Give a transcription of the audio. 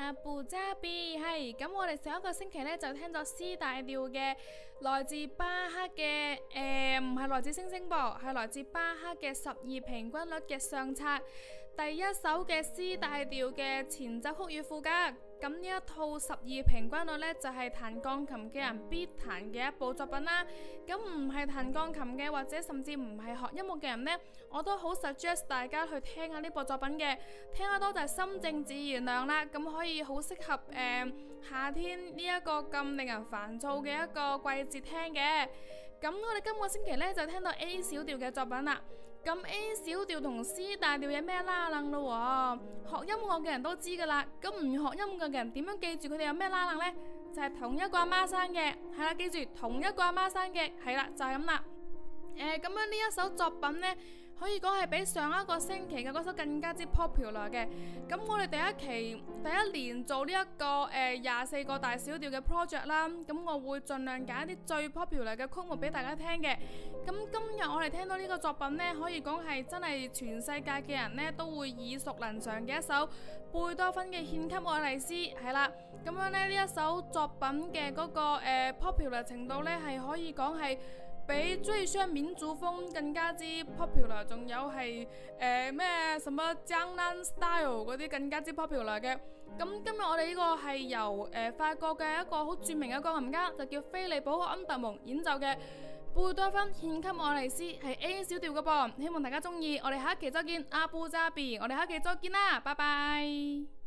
阿布扎比係咁，我哋上一個星期咧就聽咗 C 大調嘅來自巴赫嘅誒。呃唔係來自星星啵，係來自巴赫嘅十二平均率嘅上冊第一首嘅 C 大調嘅前奏曲與賦格。咁呢一套十二平均率呢，就係彈鋼琴嘅人必彈嘅一部作品啦。咁唔係彈鋼琴嘅或者甚至唔係學音樂嘅人呢，我都好 suggest 大家去聽下呢部作品嘅，聽得多就係心靜自然涼啦。咁可以好適合誒、呃、夏天呢一個咁令人煩躁嘅一個季節聽嘅。咁我哋今個星期咧就聽到 A 小調嘅作品啦。咁 A 小調同 C 大調有咩拉楞咯？學音樂嘅人都知噶啦。咁唔學音樂嘅人點樣記住佢哋有咩拉楞呢？就係、是、同一個阿媽生嘅係啦。記住同一個阿媽生嘅係啦，就係咁啦。誒、呃，咁樣呢一首作品呢。可以講係比上一個星期嘅嗰首更加之 popular 嘅，咁我哋第一期第一年做呢、這、一個誒廿四個大小調嘅 project 啦，咁我會盡量揀一啲最 popular 嘅曲目俾大家聽嘅，咁今日我哋聽到呢個作品呢，可以講係真係全世界嘅人呢都會耳熟能詳嘅一首貝多芬嘅獻給愛麗絲，係啦，咁樣呢呢一首作品嘅嗰、那個誒、呃、popular 程度呢，係可以講係。比最炫民族風更加之 popular，仲有係誒咩什麼江南 style 嗰啲更加之 popular 嘅。咁今日我哋呢個係由誒、呃、法國嘅一個好著名嘅鋼琴家就叫菲利普嘅恩特蒙演奏嘅貝多芬獻給愛麗絲係 A 小調嘅噃，希望大家中意。我哋下一期再見，阿布扎比，我哋下一期再見啦，拜拜。